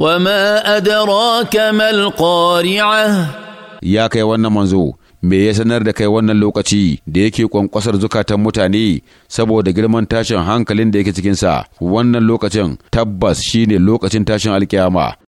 وما أدراك ما القارعة يا كي وانا منزو me ya sanar da kai wannan lokaci da yake kwankwasar zukatan mutane saboda girman tashin hankalin da yake cikinsa wannan lokacin tabbas shine lokacin tashin alkiyama